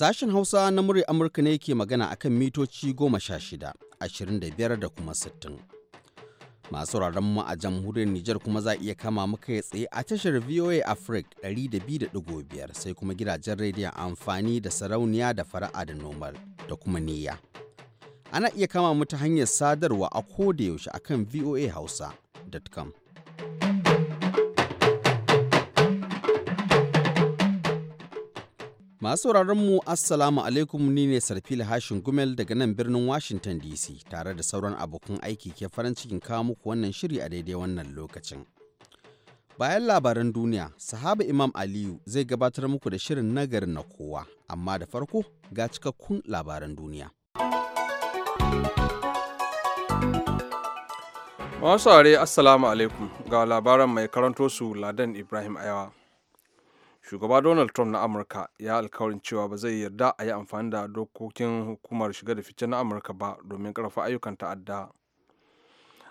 Sashen Hausa na murya Amurka ne ke magana a kan mitoci goma sha shida, ashirin da biyar da kuma sittin. Masu mu a jamhuriyar Nijar kuma za iya kama muka tsaye a tashar VOA Africa 200.5 sai kuma gidajen rediyon amfani da sarauniya da fara'a da nomal da kuma niyya. Ana iya kama mu ta hanyar sadarwa a koda yaushe akan voahausa.com. Masu mu Assalamu alaikum ni ne Sarfila Hashin Gumel daga nan birnin Washington DC tare da sauran abokan aiki ke farin cikin kawo muku wannan shiri a daidai wannan lokacin. Bayan labaran duniya, sahaba Imam Aliyu zai gabatar muku da shirin nagarin na kowa, amma da farko ga cikakkun labaran duniya. Masu Assalamu alaikum ga labaran mai karanto su Ladan Ibrahim Ayawa. shugaba donald trump na amurka ya alkawarin cewa ba zai yarda a yi amfani da dokokin hukumar shiga da fice na amurka ba domin karfa ayyukan ta'adda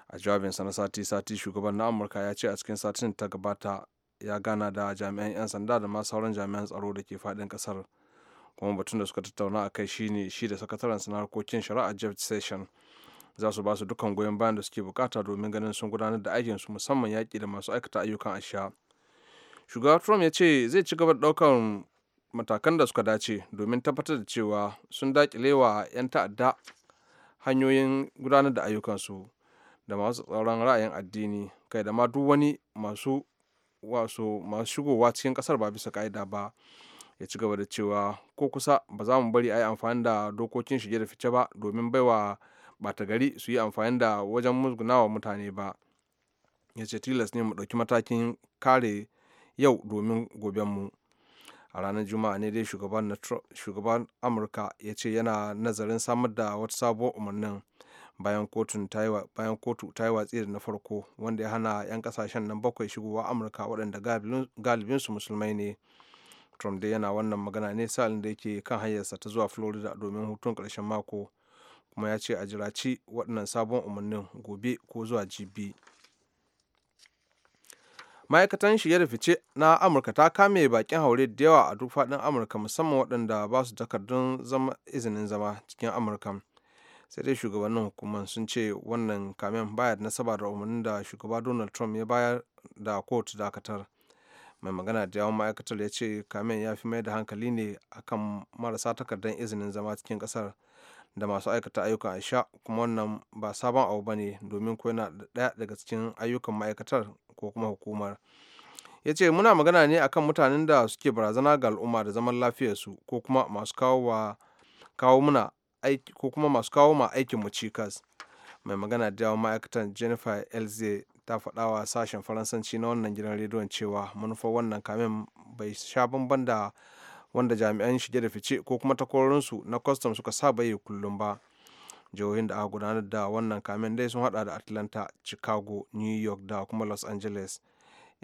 a jawabinsa na sati-sati shugaban na amurka ya ce a cikin satin ta gabata ya gana da jami'an 'yan sanda da ma sauran jami'an tsaro da ke faɗin kasar kuma batun da suka tattauna a kai ne shi da sakataren na harkokin shari'a jeff session za su ba su dukkan goyon bayan da suke bukata domin ganin sun gudanar da aikinsu musamman yaƙi da masu aikata ayyukan asha. shugaba trump ya ce zai ci gaba da ɗaukar matakan da suka dace domin tabbatar da cewa sun dakile wa 'yan ta'adda hanyoyin gudanar da ayyukansu da masu tsaron ra'ayin addini kai da ma duk wani masu wasu masu shigowa cikin kasar ba bisa ka'ida ba ya ci gaba da cewa ko kusa ba za mu bari a yi amfani da dokokin shige da fice ba domin baiwa bata gari su yi amfani da wajen musgunawa mutane ba ya ce tilas ne mu ɗauki matakin kare yau domin gobenmu a ranar juma'a ne dai shugaban amurka ya ce yana nazarin samar da wata sabuwar umarnin bayan kotu ta yi watsi da na farko wanda ya hana 'yan kasashen nan bakwai shigowa amurka waɗanda galibinsu musulmai ne trump dai yana wannan magana ne salin da yake kan hanyarsa ta zuwa florida domin hutun karshen mako kuma ya ce a jiraci waɗannan sabon umarnin gobe ko zuwa jibi ma'aikatan shi ya da fice na amurka ta kame bakin haure da yawa a duk faɗin amurka musamman waɗanda ba su takardun izinin zama cikin amurka sai dai shugabannin hukumar sun ce wannan kamen baya da nasaba da umarnin da shugaba donald trump ya bayar da kotu dakatar mai magana da yawan ma'aikatar ya ce kamen ya fi mai da hankali ne akan marasa takardar izinin zama cikin kasar. da masu aikata ayyukan Aisha kuma wannan ba sabon abu ba ne domin ko yana ɗaya daga cikin ayyukan ma'aikatar ko kuma hukumar ya ce muna magana ne akan mutanen da suke barazana ga al'umma da zaman lafiyarsu ko kuma masu kawo kawo muna ko kuma masu kawo ma aikin mu cikas mai magana da yawon ma'aikatan jennifer lz ta faɗa wa sashen faransanci na wannan gidan rediyon cewa manufar wannan kamin bai sha bambam da wanda jami'an shige da fice ko kuma takwarorinsu na kwastam suka saba yi kullum ba jihohin da aka gudanar da wannan kamen dai sun hada da atlanta chicago new york da kuma los angeles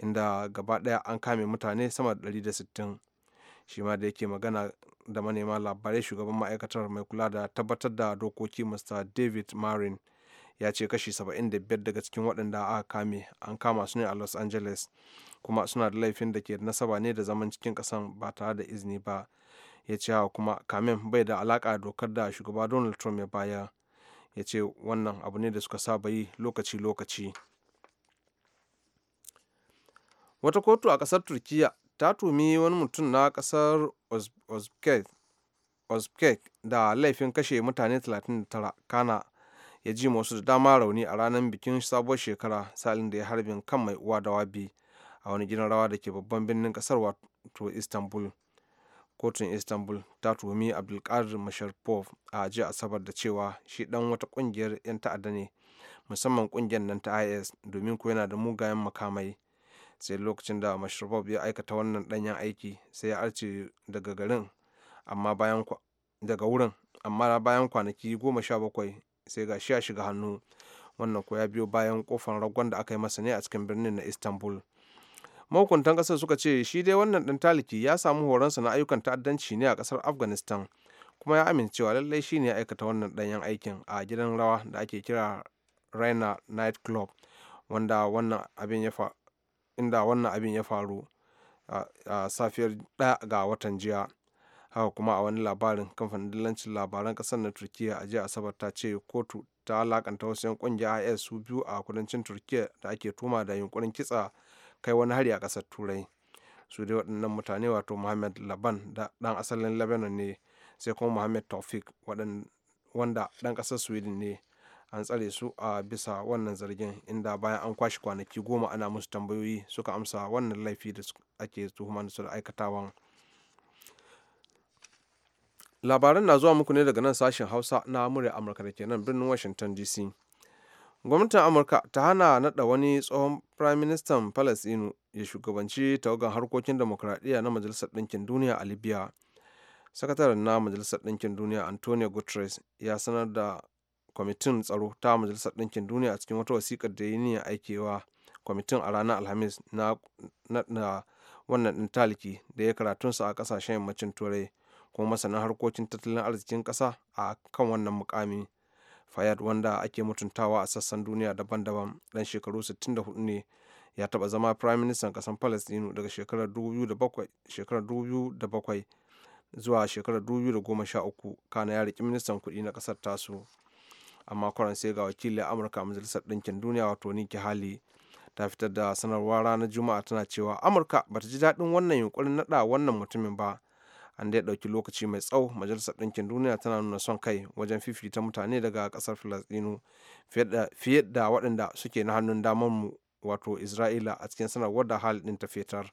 inda gaba daya an kame mutane sama da 160 shi ma da yake magana da manema labarai shugaban ma'aikatar mai kula da tabbatar da dokoki mr david marin ya ce kashi 75 daga cikin waɗanda aka kame an kama su ne a los angeles kuma suna da laifin da ke nasaba ne da zaman cikin kasan ba tare da izini ba ya ce hawa kuma kamen bai da alaka dokar da shugaba donald trump ya baya ya ce wannan abu ne da suka saba yi lokaci-lokaci wata kotu a kasar turkiya ta tumi wani mutum na kasar uzbek da laifin kashe mutane 39 kana ya ji wasu da dama rauni a ranar bikin sabuwar shekara salin da ya harbin kan mai uwa da wabi a wani gidan rawa da ke babban birnin kasar wato istanbul kotun istanbul ta tuhumi abdulkadir masharpov a jiya asabar da cewa shi dan wata kungiyar 'yan ta'adda ne musamman kungiyar nan ta is domin ko yana da mugayen makamai sai lokacin da masharpov ya aikata wannan danyen aiki sai ya arce daga garin amma bayan daga wurin amma bayan kwanaki goma sha bakwai sai ga shi a shiga hannu wannan ko ya biyo bayan kofar ragon da aka yi masa ne a cikin birnin na istanbul mahukuntan kasar suka ce shi dai wannan dan taliki ya samu horonsa na ayyukan ta'addanci ne a kasar afghanistan kuma ya amincewa lallai shi ne ya aikata wannan ɗanyen aikin a gidan rawa da ake kira raina night club inda wannan abin ya faru a safiyar ɗaya ga watan jiya haka kuma a wani labarin kamfanin dillancin labaran kasar na turkiya a jiya asabar ta ce kotu ta alakanta wasu 'yan kungiyar is su biyu a kudancin turkiya da ake tuma da yunkurin kitsa kai wani hari a kasar turai su dai waɗannan mutane wato muhammad laban da ɗan asalin lebanon ne sai kuma muhammad taufik wanda ɗan kasar sweden ne an tsare su a bisa wannan zargin inda bayan an kwashe kwanaki goma ana musu tambayoyi suka amsa wannan laifi da ake tuhumar su da aikatawan labaran na zuwa muku ne daga nan sashen hausa na murya amurka da ke nan birnin washington dc gwamnatin amurka ta hana nada wani tsohon prime minister palestine ya shugabanci tawagan harkokin demokuraɗiyya na majalisar ɗinkin duniya a libya sakataren na majalisar ɗinkin duniya antonio guterres ya sanar da kwamitin tsaro ta majalisar ɗinkin duniya a cikin wata wasiƙar da ya niyyar aikewa kwamitin a ranar alhamis na, na wannan ɗin taliki da ya karatunsa a ƙasashen yammacin turai kuma masanin harkokin tattalin arzikin kasa a kan wannan mukami fayad wanda ake mutuntawa a sassan duniya daban-daban dan shekaru 64 ne ya taɓa zama prime minister ƙasar palestine daga shekarar 2007 zuwa shekarar 2013 kana ya riƙi ministan kuɗi na ƙasar tasu amma kwaran sai ga wakilin amurka a majalisar ɗinkin duniya wato niki hali ta fitar da sanarwa ranar juma'a tana cewa amurka ba ta ji daɗin wannan yunkurin naɗa wannan mutumin ba an ya ɗauki lokaci mai tsawo majalisar ɗinkin duniya tana nuna son kai wajen fifita mutane daga kasar filastinu fiye da waɗanda suke na hannun damanmu wato isra'ila a cikin sanarwar da hal ɗin ta fetar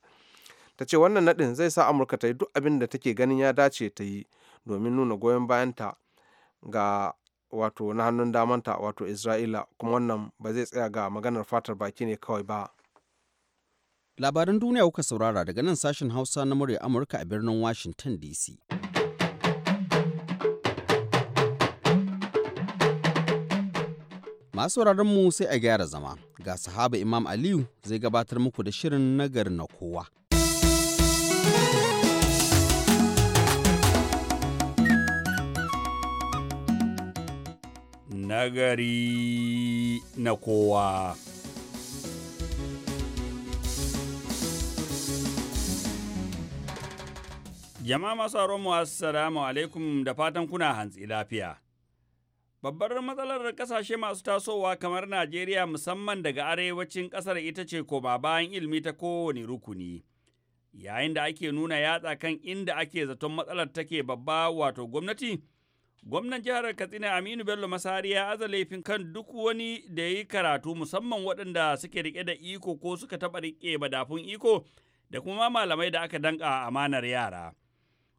ta ce wannan naɗin zai sa amurka ta yi duk abin da take ganin ya dace ta yi domin nuna goyon bayanta ga wato na hannun damanta wato isra'ila kuma wannan ba zai tsaya ga maganar fatar baki ne kawai ba Labaran duniya kuka saurara daga nan sashen Hausa na murya Amurka a birnin Washington DC. Masu mu sai a gyara zama, ga sahaba Imam Aliyu zai gabatar muku da shirin nagar na kowa. Nagari na kowa. Jama'a masu mu assalamu alaikum da fatan kuna hantsi lafiya. Babbar matsalar kasashe masu tasowa kamar Najeriya musamman daga arewacin ƙasar ita ce koma bayan ilmi ta kowane rukuni. Yayin da ake nuna yatsa kan inda ake zaton matsalar take babba wato gwamnati, gwamnan jihar Katsina Aminu Bello Masari ya aza laifin kan duk wani da ya yi karatu musamman waɗanda suke rike da iko ko suka taɓa riƙe madafun iko da kuma malamai da aka danƙa amanar yara.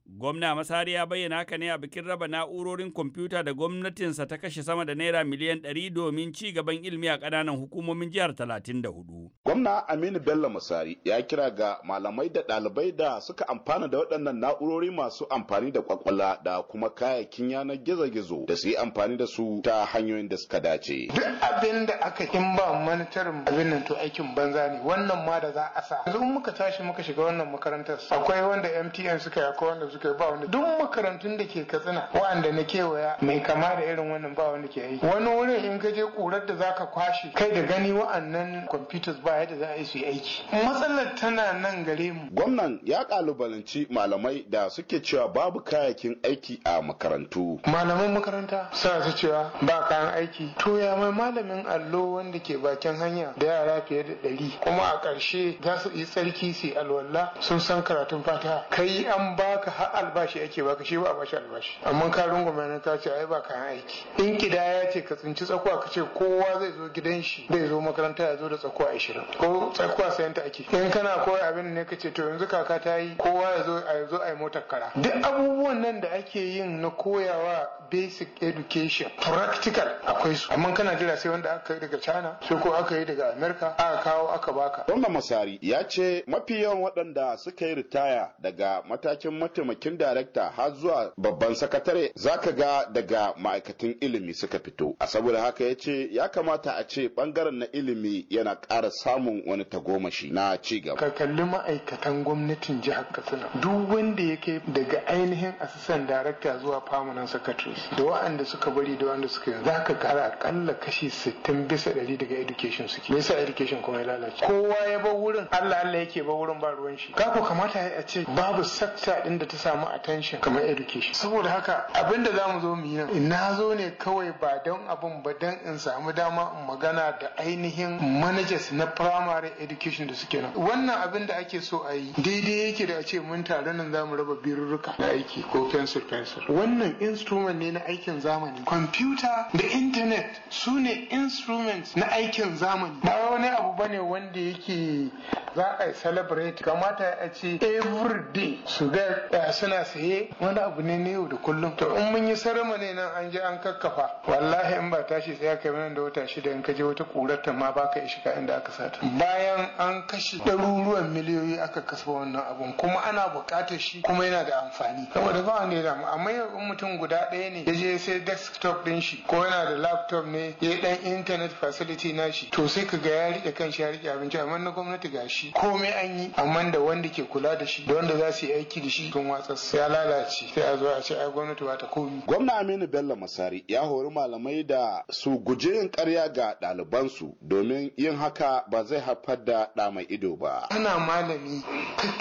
Gwamna Masari ya bayyana haka ne a bikin raba na'urorin kwamfuta da gwamnatinsa ta kashe sama da naira miliyan ɗari domin ci gaban ilimi a ƙananan hukumomin jihar Talatin hudu. Gwamna Aminu Bello Masari ya kira ga malamai da ɗalibai da suka amfana da waɗannan na'urori masu amfani da kwakwala da kuma kayayyakin yanar gizo-gizo da su yi amfani da su ta hanyoyin da suka dace. Duk abin da aka in ba manitarin abin nan to aikin banza ne wannan ma da za a sa. Yanzu muka tashi muka shiga wannan makarantar akwai wanda MTN suka yi akwai wanda suka ba wani duk makarantun da ke katsina wa'anda na kewaya mai kama da irin wannan ba wanda ke aiki wani wurin in ka je kurar da za ka kwashe kai da gani wa'annan computers ba yadda za a yi su yi aiki matsalar tana nan gare mu gwamnan ya kalubalanci malamai da suke cewa babu kayakin aiki a makarantu malaman makaranta sa su cewa ba kayan aiki to ya mai malamin allo wanda ke bakin hanya da yara fiye da ɗari kuma a ƙarshe za su yi tsarki su alwala sun san karatun fata kai an baka har albashi ake baka shi ba a bashi albashi amma ka rungume na ta ce ai ba kayan aiki in ya ce ka tsinci tsakuwa ka ce kowa zai zo gidan shi zai zo makaranta ya zo da tsakuwa ashirin ko tsakuwa sayan ta ake in kana koyi abin ne ka ce to yanzu kaka ta yi kowa ya zo a zo a yi motar kara duk abubuwan nan da ake yin na koyawa basic education practical akwai su amma kana jira sai wanda aka yi daga China sai ko aka yi daga America aka kawo aka baka Rolla Masari ya ce mafi yawan waɗanda suka yi ritaya daga matakin mataimakin mataimakin darakta har zuwa babban sakatare zaka ga daga ma'aikatan ilimi suka fito a saboda haka ya ce ya kamata a ce bangaren na ilimi yana ƙara samun wani tagomashi na cigaba. gaba ka kalli ma'aikatan gwamnatin jihar katsina duk wanda yake daga ainihin assistant darakta zuwa permanent sakatare. da wa'anda suka bari da wanda suka yanzu zaka kara akalla kashi 60 bisa 100 daga education suke me yasa education kuma ya lalace kowa ya bar wurin Allah Allah yake bar wurin ba ruwan shi kako kamata a ce babu sakta din da ta samu attention kamar education saboda haka abin da zamu zo mu yi nan na zo ne kawai ba don abin ba don in samu dama in magana da ainihin managers na primary education da suke nan wannan abin da ake so a yi daidai yake da a ce mun tare nan za mu raba birurruka da aiki ko pencil pencil wannan instrument ne na aikin zamani computer da internet su ne instrument na aikin zamani ba wani abu bane wanda yake za a celebrate kamata a ce every day su ga eh, suna saye wani abu ne na yau da kullum to in mun yi sarama ne nan an je an kakkafa wallahi in ba tashi sai aka yi da wata shida in ka je wata kurarta ma baka shiga inda aka sata bayan an kashe ɗaruruwan miliyoyi aka kasa wannan abun kuma ana buƙatar shi kuma yana da amfani saboda ba wani da damu amma yau in mutum guda ɗaya ne ya je sai desktop ɗin shi ko yana da laptop ne ya dan internet facility na shi to sai ka ga ya riƙe kan shi ya riƙe abinci amma na gwamnati ga shi komai an yi amma da wanda ke kula da shi da wanda za su yi aiki da shi don tsatsa ya lalace sai a zo a ce ai gwamnati ba ta komi gwamna Aminu Bello Masari ya hori malamai da su guje yin karya ga ɗalibansu domin yin haka ba zai haifar da ɗa mai ido ba ana malami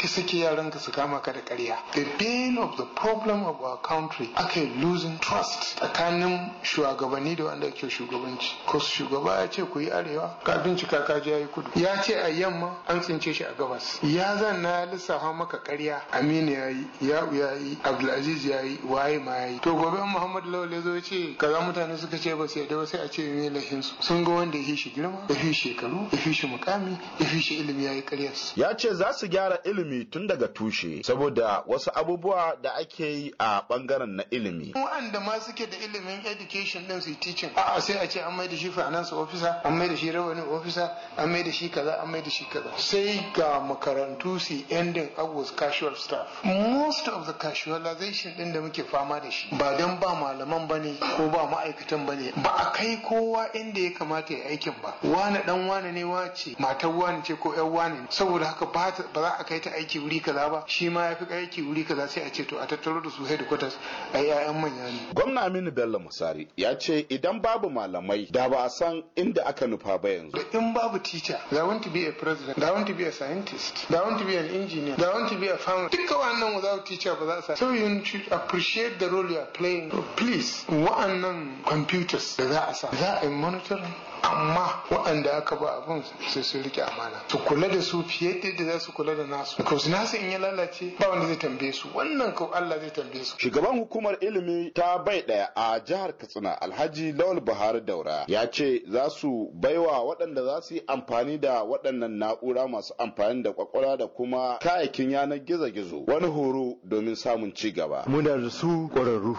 suke yaran ka su kama ka da karya the pain of the problem of our country aka yi losing trust tsakanin shugabanni da wanda ke shugabanci ko shugaba ya ce ku yi arewa ka bincika ka je yi kudu ya ce a yamma an tsince shi a gabas ya zanna lissafa maka karya? aminu ya yi Ya'u ya yi Abdulaziz ya yi waye ma ya yi to gobe in Muhammad Lawal ya zo ya ce kaza mutane suka ce ba su yarda ba sai a ce me lahin su sun ga wanda ya fi shi girma ya fi shekaru ya fi shi mukami ya fi shi ilimi ya yi karyas ya ce za su gyara ilimi tun daga tushe saboda wasu abubuwa da ake yi a bangaren na ilimi waɗanda ma suke da ilimin education ɗin su yi teaching a'a sai a ce an mai da shi finance officer an mai da shi revenue officer an mai da shi kaza an mai da shi kaza sai ga makarantu su ending up with casual staff most most of the casualization din da muke fama da shi ba don ba malaman bane ko ba ma'aikatan bane ba a kai kowa inda ya kamata ya aikin ba wani dan wani ne wace matar wani ce ko yan wani saboda haka ba za a kai ta aiki wuri kaza ba shi ma ya fi aiki wuri kaza sai a ce to a tattaro da su headquarters a yayan manya ne gwamna Aminu Bello Musari ya ce idan babu malamai da ba a san inda aka nufa ba yanzu in babu teacher da want to be a president da want to be a scientist da want to be an engineer da want to be a farmer duka wannan za teacher but that's So you should appreciate the role you are playing. please, one computers Is that a monitor? amma waɗanda aka ba abin sai su rike amana su kula da su fiye da yadda za su kula da nasu su nasu in ya lalace ba wanda zai tambaye su wannan ko Allah zai tambaye su shugaban hukumar ilimi ta bai daya a jihar Katsina Alhaji Lawal Buhari Daura ya ce za su baiwa waɗanda za su yi amfani da waɗannan na'ura masu amfani da kwakwara da kuma kayayyakin yanar gizo-gizo wani horo domin samun ci gaba muna da su ƙwararru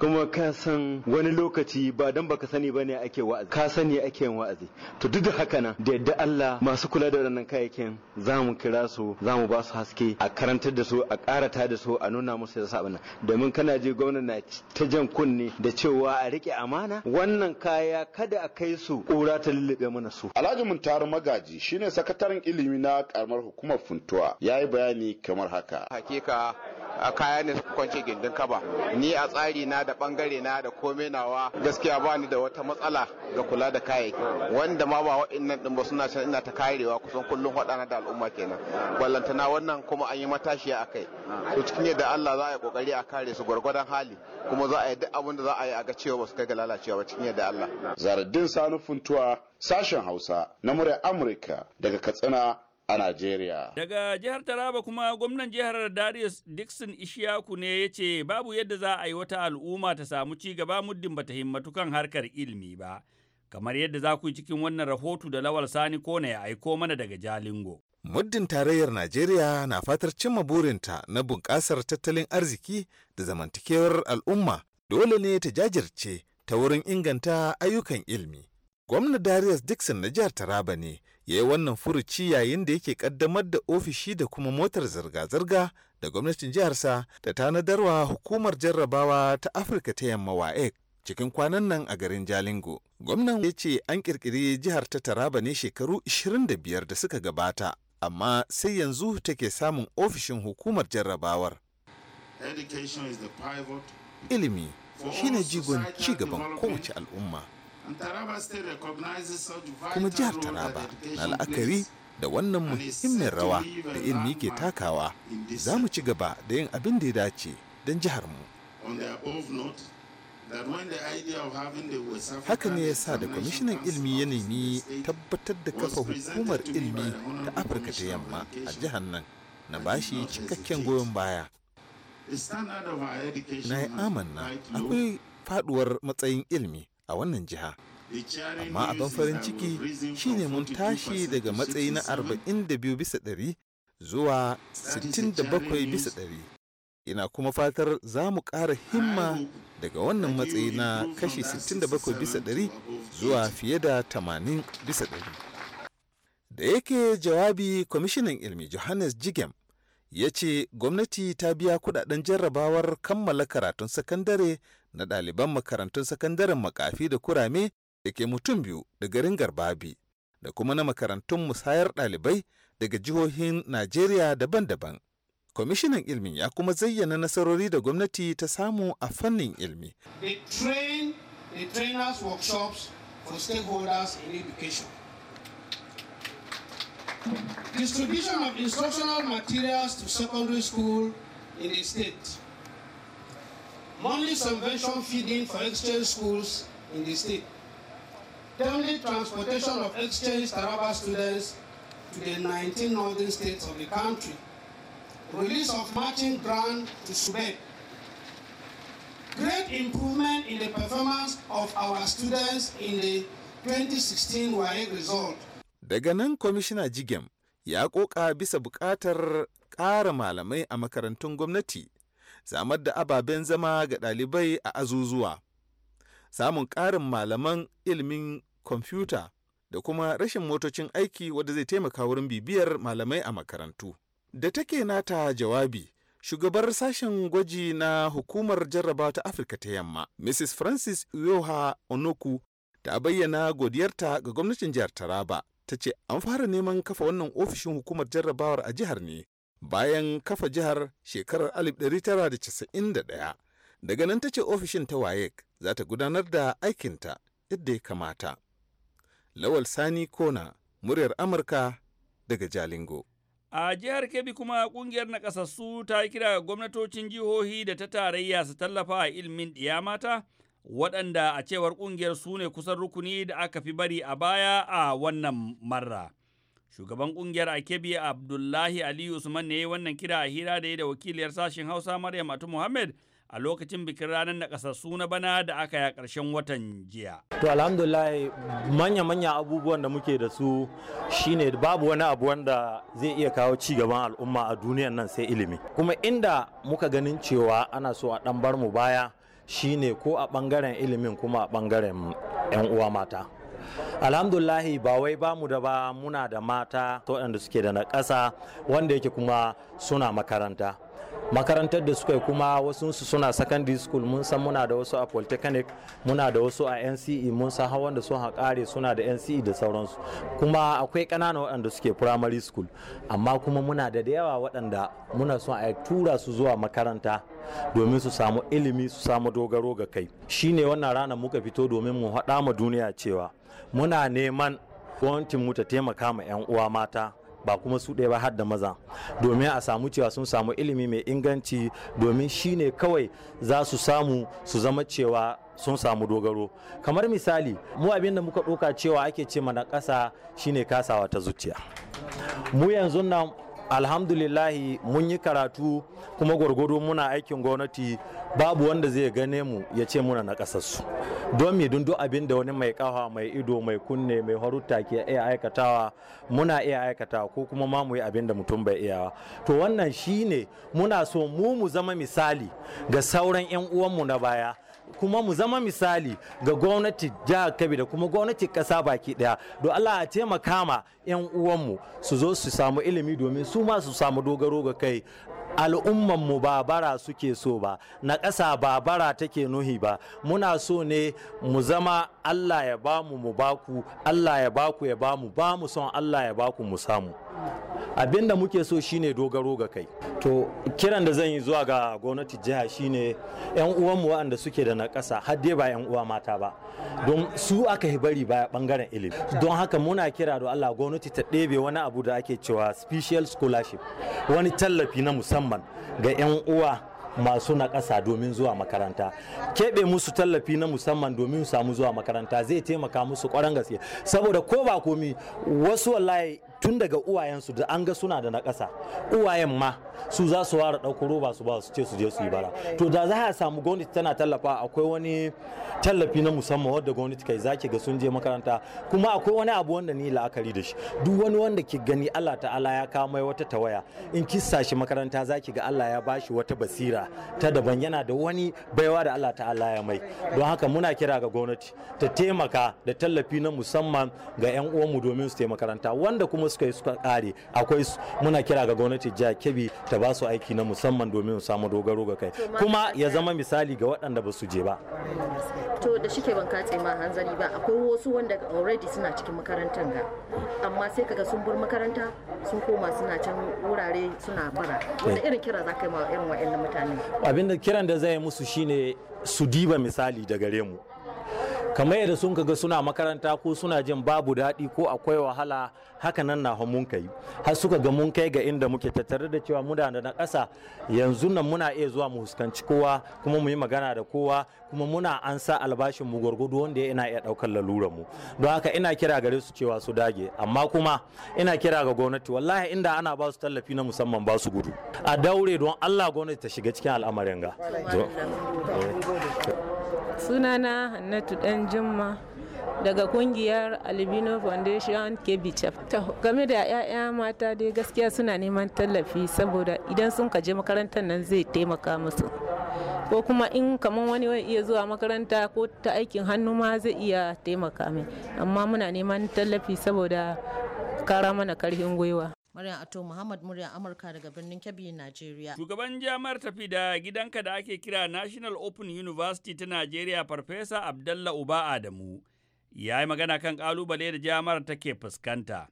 kuma ka san wani lokaci ba dan baka sani bane ake wa'azi ka sani ake ake wa'azi to duk da haka nan da yadda Allah masu kula da waɗannan kayayyakin za kira su zamu mu ba su haske a karantar da su a karata da su a nuna musu abin nan domin kana je gwamnati na ta jan kunne da cewa a rike amana wannan kaya kada a kai su kura ta lullube mana su Alhaji Muntaru Magaji shine sakataren ilimi na karamar hukumar Funtuwa yayi bayani kamar haka hakika A kaya ne suka kwance gindin kaba ni a tsari na da bangare na da kome nawa gaskiya ba ni da wata matsala ga kula da kayayyaki wanda ma ba wa'annan din ba suna can ina ta karewa kusan kullum waɗana da al'umma kenan ballantana wannan kuma an yi matashiya kai. to cikin yadda Allah za a yi kokari a kare su gwargwadon hali kuma za a yi duk abin da za a yi a ga cewa ba su kai ga lalacewa ba cikin yadda Allah zaradin sanufuntuwa sashen Hausa na murya Amurka daga Katsina a Najeriya. Daga jihar Taraba kuma gwamnan jihar Darius Dixon ishiyaku ne ya ce babu yadda za a yi wata al'umma ta samu ci gaba muddin bata himmatu kan harkar ilimi ba. Kamar yadda za ku yi cikin wannan rahoto da Lawal Sani Kona ya aiko mana daga Jalingo. Muddin tarayyar Najeriya na fatar cimma burinta na bunƙasar tattalin arziki da zamantakewar al'umma dole ne ta jajirce ta wurin inganta ayyukan ilimi. Gwamna Darius Dixon na jihar Taraba ne ya yi wannan furuci yayin da yake kaddamar da ofishi da kuma motar zirga-zirga da gwamnatin jiharsa da tanadarwa hukumar jarrabawa ta afirka ta yamma waec cikin kwanan nan a garin jalingo gwamnan ya ce an kirkiri jihar ta taraba ne shekaru 25 da suka gabata amma sai yanzu take samun ofishin hukumar jarrabawar ilimi shine jigon ci gaban kowace al'umma kuma jihar taraba na la'akari da wannan muhimmin rawa da ilmi ke takawa za mu ci gaba da yin abin da ya dace don jiharmu haka ne ya sa da kwamishinan ilmi ya nemi tabbatar da kafa hukumar ilmi ta afirka ta yamma a jihar nan na bashi cikakken goyon baya na yi amanna akwai faduwar matsayin ilmi a wannan jiha amma abin farin ciki shine mun tashi daga matsayi na 42 bisa ɗari zuwa 67 bisa ɗari ina kuma fatar za mu ƙara himma daga wannan matsayi na kashi 67 bisa ɗari zuwa fiye da 80 bisa ɗari da yake jawabi kwamishinan ilmi johannes jigem ya ce gwamnati ta biya kudaden jarrabawar kammala karatun sakandare na ɗaliban makarantun sakandaren makafi da kurame da ke mutum biyu da garin garbabi da kuma na makarantun musayar ɗalibai daga jihohin najeriya daban-daban kwamishinan ilmi ya kuma zayyana nasarori da gwamnati ta samu a fannin ilmi distribution of instructional materials to secondary school in the state monthly subvention feeding for exchange schools in the state, timely transportation of exchange Taraba students to the 19 northern states of the country, release of matching grant to Subek, great improvement in the performance of our students in the 2016 YA result. Daga nan Kwamishina Jigem ya koka bisa bukatar ƙara malamai a makarantun gwamnati samar da ababen zama ga ɗalibai a azuzuwa samun ƙarin malaman ilimin kwamfuta da kuma rashin motocin aiki wadda zai taimaka wurin bibiyar malamai a makarantu da take nata jawabi shugabar sashen gwaji na hukumar jarrabawa ta afirka ta yamma mrs francis yoha onoku ta bayyana godiyarta ga gwamnatin jihar taraba ta ce an fara neman kafa wannan ofishin hukumar jarrabawar a jihar ne bayan kafa jihar shekarar 1991 daga nan ta ce ofishin ta wayek za ta gudanar da aikinta yadda ya kamata lawal sani kona muryar amurka daga jalingo a jihar kebbi kuma kungiyar nakasassu ta yi kira gwamnatocin jihohi da ta tarayya su tallafa a ilimin ɗiya mata waɗanda a cewar kungiyar su ne kusan rukuni da aka fi bari a baya a wannan marra. Shugaban kungiyar Akebi Abdullahi Ali Usman ne wannan kira a hira da ya da wakiliyar sashen Hausa Maryam Atu Muhammad a lokacin bikin ranar da kasassu na bana da aka ya karshen watan jiya. To alhamdulillah manya-manya abubuwan da muke da su shine babu wani abu wanda zai iya kawo ci gaban al'umma a duniyan nan sai ilimi. Kuma inda muka ganin cewa ana so a dan bar mu baya shine ko a bangaren ilimin kuma a bangaren 'yan uwa mata. alhamdulahi ba wai ba mu da ba muna da mata waɗanda suke da na ƙasa wanda yake kuma suna makaranta makarantar da suka yi kuma wasu suna secondary school mun san muna da wasu a polytechnic muna da wasu a nce mun san hawan da sun haƙare suna da nce da sauransu kuma akwai ƙananan waɗanda suke primary school amma kuma muna da da yawa waɗanda muna son a tura su zuwa makaranta domin su samu ilimi su samu dogaro ga kai shine wannan rana muka fito domin mu haɗa ma duniya cewa muna neman mu ta taimaka ma 'yan uwa mata ba kuma su ɗaya ba har da maza domin a samu cewa sun samu ilimi mai inganci domin shine kawai za su samu su zama cewa sun samu dogaro kamar misali mu abin da muka ɗoka cewa ake ce mana ƙasa shine kasawa ta zuciya mu yanzu nan alhamdulillahi mun yi karatu kuma gwargwado muna aikin gwamnati babu wanda zai gane mu ya ce muna na ƙasarsu don me dundu abin da wani mai kafa mai ido mai kunne mai harutta ke iya aikatawa muna iya aikatawa ko kuma ma mu yi abin da mutum bai wa. to wannan shine muna so mu mu zama misali ga sauran 'yan uwanmu na baya kuma mu zama misali ga gwamnati jihar kabi da kuma gwamnati kasa baki daya don allah a taimaka ma 'yan uwanmu su zo su samu ilimi domin su ma su samu dogaro ga kai al'umman mu ba bara suke so ba na ƙasa ba bara take nuhi ba muna so ne mu zama Allah ya bamu mu baku Allah ya baku ya bamu ba mu son Allah ya baku mu samu Abin da muke so shine dogaro ga kai to kiran da zan yi zuwa ga gwamnati jiha shine yan uwanmu waɗanda suke da nakasa har dai ba yan uwa mata ba don su aka yi bari baya bangaren ilimi don haka muna kira da Allah gwamnati ta ɗebe wani abu da ake cewa special scholarship wani tallafi na musamman ga yan uwa masu na ƙasa domin zuwa makaranta keɓe musu tallafi na musamman domin samu zuwa makaranta zai taimaka musu ƙwarar gaske saboda ko ba komi wasu wallahi tun daga uwayensu da an ga suna da na ƙasa uwayen ma su za su wara ɗauko roba su ba su ce su je su yi bara to da za a samu gwamnati tana tallafa akwai wani tallafi na musamman wadda gwamnati kai zaki ga sun je makaranta kuma akwai wani abu wanda ni la'akari da shi duk wani wanda ki gani Allah ta'ala ya kawo mai wata tawaya in kissa shi makaranta zaki ga Allah ya bashi wata basira ta daban yana da wani baiwa da Allah ta'ala ya mai don haka muna kira ga gwamnati ta taimaka da tallafi na musamman ga 'yan uwanmu domin su taimaka makaranta wanda kuma kuma suka yi suka kare akwai muna kira ga gwamnati jiha kebbi ta ba su aiki na musamman domin samu dogaro ga kai kuma ya zama misali ga waɗanda ba su je ba to da shike ban katse ma hanzari ba akwai wasu wanda already suna cikin makarantar ga amma sai kaga sun bar makaranta sun koma suna can wurare suna bara wanda eh. irin kira za ka yi ma irin wa'annan mutane abinda kiran da zai musu shine su diba misali da gare mu kamar yadda sun kaga suna makaranta ko suna jin babu daɗi ko akwai wahala haka nan na mun kai har suka ga mun kai ga inda muke tattare da cewa muna da na ƙasa yanzu nan muna iya zuwa mu huskanci kowa kuma mu yi magana da kowa kuma muna an sa albashin mu gwargwado wanda yana iya ɗaukar lalurar mu don haka ina kira gare su cewa su dage amma kuma ina kira ga gwamnati wallahi inda ana ba su tallafi na musamman ba su gudu a daure don Allah gwamnati ta shiga cikin al'amarin ga sunana hannatu dan jimma daga kungiyar albino foundation kebbi chapter game da 'ya'ya mata dai gaskiya suna neman tallafi saboda idan sun kaje makarantar nan zai taimaka musu ko kuma in kamar wani wani iya zuwa makaranta ko ta aikin hannu ma zai iya taimaka mai amma muna neman tallafi saboda kara mana karfin gwiwa Maryam Ato Muhammad murya Amurka daga birnin Kebbi, Najeriya. Shugaban jami'ar tafi da gidanka da ake kira National Open University ta Najeriya Farfesa Abdalla Uba Adamu ya yi magana kan kalubale da jami'ar take fuskanta.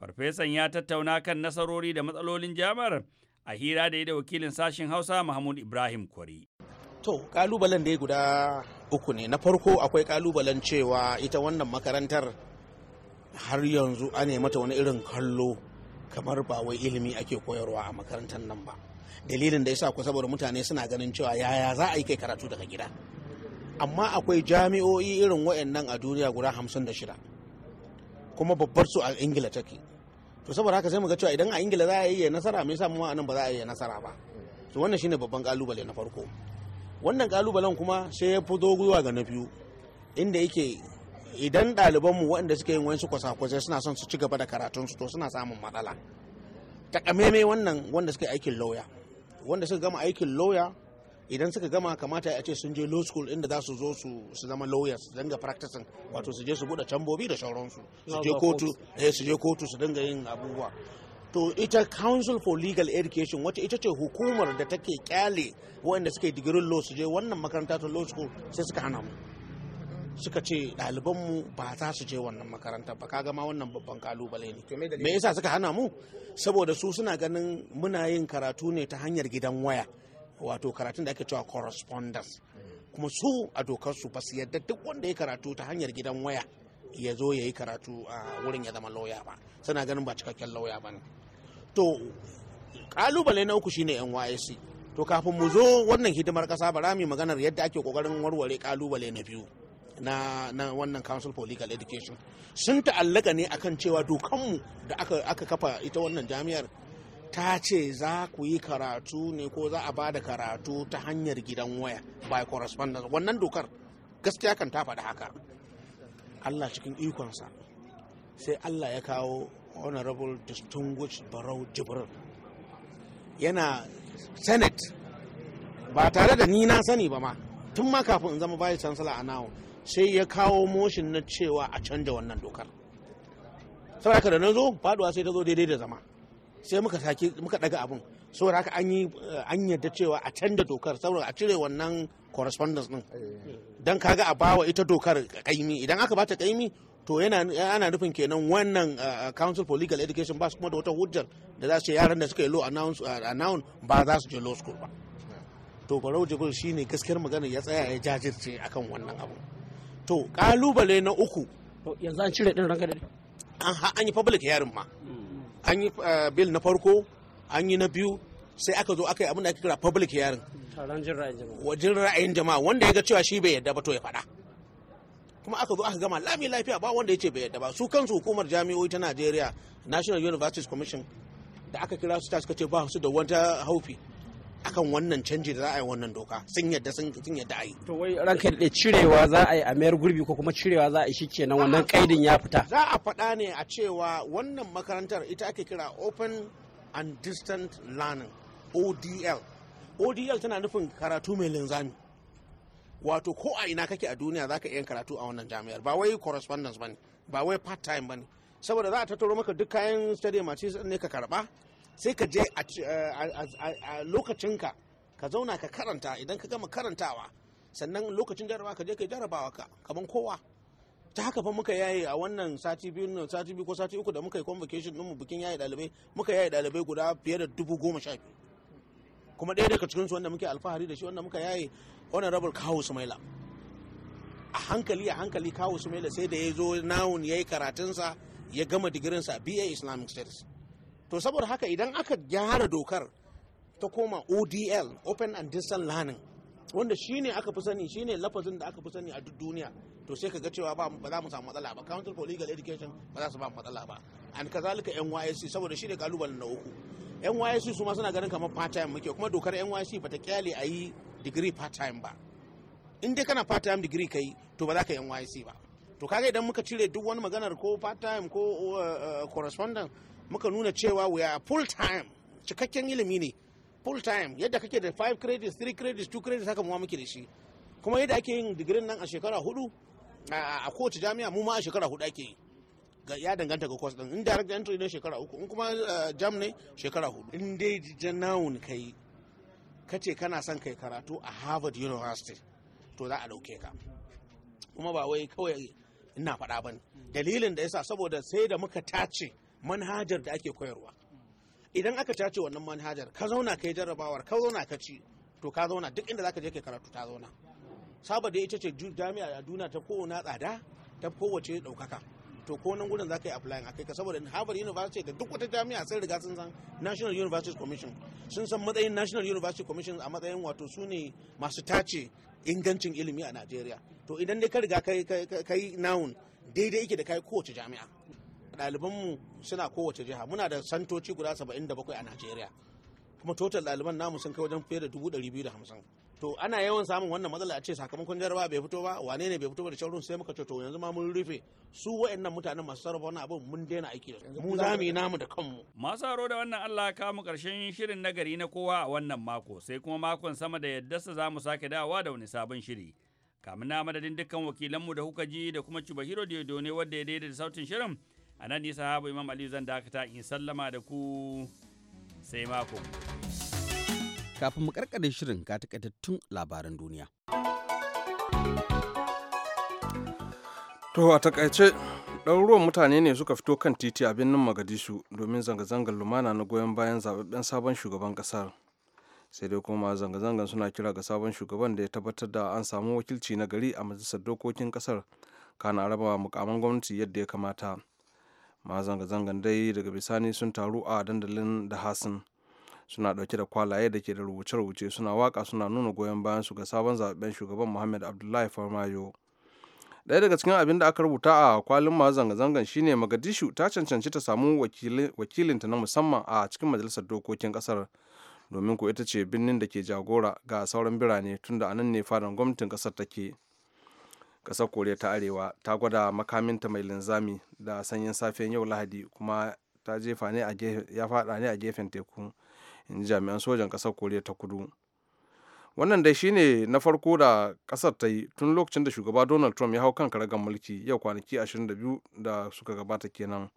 Farfesan ya tattauna kan nasarori da matsalolin jami'ar a hira da ya da wakilin sashen Hausa Mahmud Ibrahim Kwari. To, kalubalen da ya guda uku ne. Na farko akwai kalubalen cewa ita wannan makarantar har yanzu an mata wani irin kallo kamar ba wai ilimi ake koyarwa a makarantar nan ba dalilin da yasa ku saboda mutane suna ganin cewa yaya za a yi kai karatu daga gida amma akwai jami'o'i irin wayannan a duniya guda hamsin da shida kuma babbar su a ingila take to saboda haka sai mu ga cewa idan a ingila za a yi nasara me yasa mu a nan ba za a yi nasara ba to wannan shine babban kalubale na farko wannan kalubalen kuma sai ya fi zuwa ga na biyu inda yake idan ɗalibanmu waɗanda suke yin wasu kwasa-kwasai suna son su ci gaba da karatunsu to suna samun matsala takamaimai wannan wanda suka aikin lauya wanda suka gama aikin lauya idan suka gama kamata a ce sun je law school inda za su zo su zama lawyer su dinga practicing wato su je su bude cambobi da sauransu su je kotu eh su je kotu su dinga yin abubuwa to ita council for legal education wacce ita ce hukumar da take kyale waɗanda suke digirin law su je wannan makaranta ta law school sai suka hana mu suka ce ɗalibanmu ba za su je wannan makaranta ba kaga ma wannan babban kalubale ne me yasa suka hana mu saboda su suna ganin muna yin karatu ne ta hanyar gidan waya wato karatun da ake cewa correspondence kuma su a dokar su basu su yadda duk wanda ya karatu ta hanyar gidan waya ya zo ya yi karatu a wurin ya zama lauya ba suna ganin ba cikakken lauya ba ne to kalubale na uku shine NYSC to kafin mu zo wannan hidimar kasa bara mu maganar yadda ake kokarin warware kalubale na biyu na, na wannan council for legal education sun ta'allaka ne akan cewa dokanmu da aka, kafa ita wannan jami'ar ta ce za ku yi karatu ne ko za a ba da karatu ta hanyar gidan waya by correspondence wannan dokar gaskiya kan ta faɗi haka allah cikin ikonsa sai allah ya kawo honorable distinguished barau jibril yana senate ba tare da ni na sani ba ma tun ma kafin in zama bayan chancellor a nawo sai ya kawo moshin na cewa a canja wannan dokar saboda da na zo faduwa sai ta zo daidai da zama sai muka saki muka daga abun saboda haka an yi an yarda cewa a canja dokar saboda a cire wannan correspondence din dan kaga a bawa ita dokar kaimi idan aka bata kaimi to yana ana nufin kenan wannan eh, council for legal education ba su kuma da wata hujjar da za su yaran da suka yi law eh, announce ba za su je law school ba to barau shi shine gaskiyar magana ya tsaya ya jajirce akan wannan abu to kalubale na uku to yanzu an cire din ranka da an an yi public hearing ma an yi eh, bill na farko an yi na biyu sai aka zo aka yi abin da ake kira public hearing taron jin ra'ayin jama'a wajen ra'ayin jama'a wanda ya ga cewa shi bai yadda ba to ya faɗa kuma aka zo aka gama lami lafiya ba wanda ya ce bai yadda ba su kansu hukumar jami'o'i ta Najeriya National University Commission da aka kira su ta suka ce ba su da wata haufi akan wannan canji da za a yi wannan doka sun yadda sun yadda a yi. To wai ranka da cirewa za a yi a mayar gurbi ko kuma cirewa za a yi shi kenan wannan kaidin ya fita. Za a faɗa ne a cewa wannan makarantar ita ake kira Open and Distant Learning ODL. ODL tana nufin karatu mai linzami. Wato ko a ina kake a duniya za ka iya karatu a wannan jami'ar ba wai correspondence ba ne ba wai part time ba ne saboda za a tattaro maka duk kayan study mace ne ka karba sai ka je eh, a lokacinka ka zauna ka karanta idan ka gama karantawa sannan lokacin jarabawa ka je ka jarabawa ka kaman kowa ta haka fa muka yaye a wannan sati biyu sati biyu ko sati uku da muka yi convocation din mu bikin yaye dalibai muka yaye dalibai guda fiye da dubu goma sha biyu kuma ɗaya daga cikin su wanda muke alfahari da shi wanda muka yaye honorable kawo sumaila a hankali a hankali kawo sumaila sai da ya zo nawun ya yi karatunsa ya gama digirinsa ba islamic studies to saboda haka idan aka gyara dokar ta koma odl open and distant learning wanda shine aka fi sani shine lafazin da aka fi sani a duk duniya to sai ka ga cewa ba za mu samu matsala ba council for legal education ba za su ba matsala ba an kazalika NYSC saboda shi ne kalubalen na uku NYSC su ma suna ganin kamar part time muke kuma dokar NYSC ba ta kyale a yi degree part time ba in dai kana part time degree kai to ba za ka NYSC ba to kaga idan muka cire duk wani maganar ko part time ko uh, uh, correspondent muka nuna cewa we are full time cikakken ilimi ne full time yadda kake da 5 credits 3 credits 2 credits haka muwa muke da shi kuma yadda ake yin digirin nan a shekara hudu a kowace jami'a mu ma a shekara hudu ake yi ya danganta ga course din in direct entry ne shekara uku in kuma eh, jam ne shekara hudu in dai janawun kai kace kana son kai karatu a Harvard University to za a dauke ka kuma ba wai kawai ina faɗa ba dalilin da yasa saboda sai da muka tace manhajar da ake koyarwa idan aka tace wannan manhajar ka zauna ka yi jarrabawar ka zauna ka ci to ka zauna duk inda zaka je ka karatu ta zauna saba da ita ce jami'a a duniya ta kowane tsada ta kowace ɗaukaka to ko nan gudun zaka yi applying akai ka saboda Harvard University da duk wata jami'a sun riga sun san National University Commission sun san matsayin National University Commission a matsayin wato su ne masu tace ingancin ilimi a Najeriya to idan dai ka riga kai kai naun daidai yake da kai kowace jami'a ɗalibanmu suna kowace jiha muna da santoci guda 77 a najeriya kuma total ɗaliban namu sun kai wajen fiye da 250 to ana yawan samun wannan matsala a ce sakamakon jarabawa bai fito ba wane ne bai fito ba da shawarun sai muka ce to yanzu ma mun rufe su wa'annan mutanen masu sarrafa wani abin mun daina aiki da su mu za mu yi namu da kanmu masu haro da wannan Allah ka mu karshen shirin nagari na kowa a wannan mako sai kuma makon sama da yadda sa zamu mu sake dawowa da wani sabon shiri kamin na madadin dukkan wakilanmu da kuka ji da kuma Chubahiro ne wanda ya daidaita sautin shirin a nan nisa habu imam aliyu zan dakata in sallama da ku sai mako kafin mu karkare shirin ga takaitattun labaran duniya to a takaice ɗaruruwan mutane ne suka fito kan titi a birnin magadishu domin zanga-zangar lumana na goyon bayan zababben sabon shugaban ƙasar sai dai kuma zanga-zangar suna kira ga sabon shugaban da ya tabbatar da an samu wakilci na gari a majalisar dokokin ƙasar kana rabawa mukaman gwamnati yadda ya kamata ma zanga-zangan dai daga bisani sun taru a dandalin da hasin suna dauke da kwalaye da ke da rubuce-rubuce suna waka suna nuna goyon bayan su ga sabon zaben shugaban muhammad abdullahi farmayo ɗaya daga cikin abin da aka rubuta a kwalin ma zanga-zangan shine magadishu ta cancanci ta samu wakilinta na musamman a cikin majalisar dokokin kasar domin ko ita ce birnin da ke jagora ga sauran birane tunda anan ne fadan gwamnatin kasar take kasar koriya ta arewa ta gwada makaminta mai linzami da sanyin safiyan yau lahadi kuma ta jefa ne ya faɗa ne a gefen teku in ji jami'an sojan kasar koriya ta kudu wannan dai shine na farko da kasar ta yi tun lokacin da shugaba donald trump ya hau kan karagan mulki yau kwanaki 22 da suka gabata kenan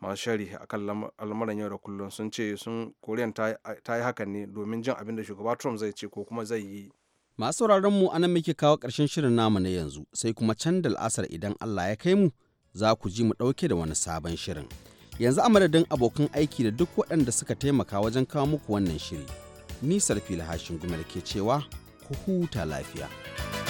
masu shari a kan al'amuran yau da kullum sun ce sun koriyan ta yi hakan ne domin jin abin da shugaba trump zai ce ko kuma zai yi Masu mu anan muke kawo ƙarshen shirin namu na yanzu sai kuma can da al'asar idan Allah ya kai mu za ku ji mu ɗauke da wani sabon shirin. Yanzu a madadin abokan aiki da duk waɗanda suka taimaka wajen kawo muku wannan shiri. Ni Sarfila Hashin Gumar ke cewa ku huta lafiya.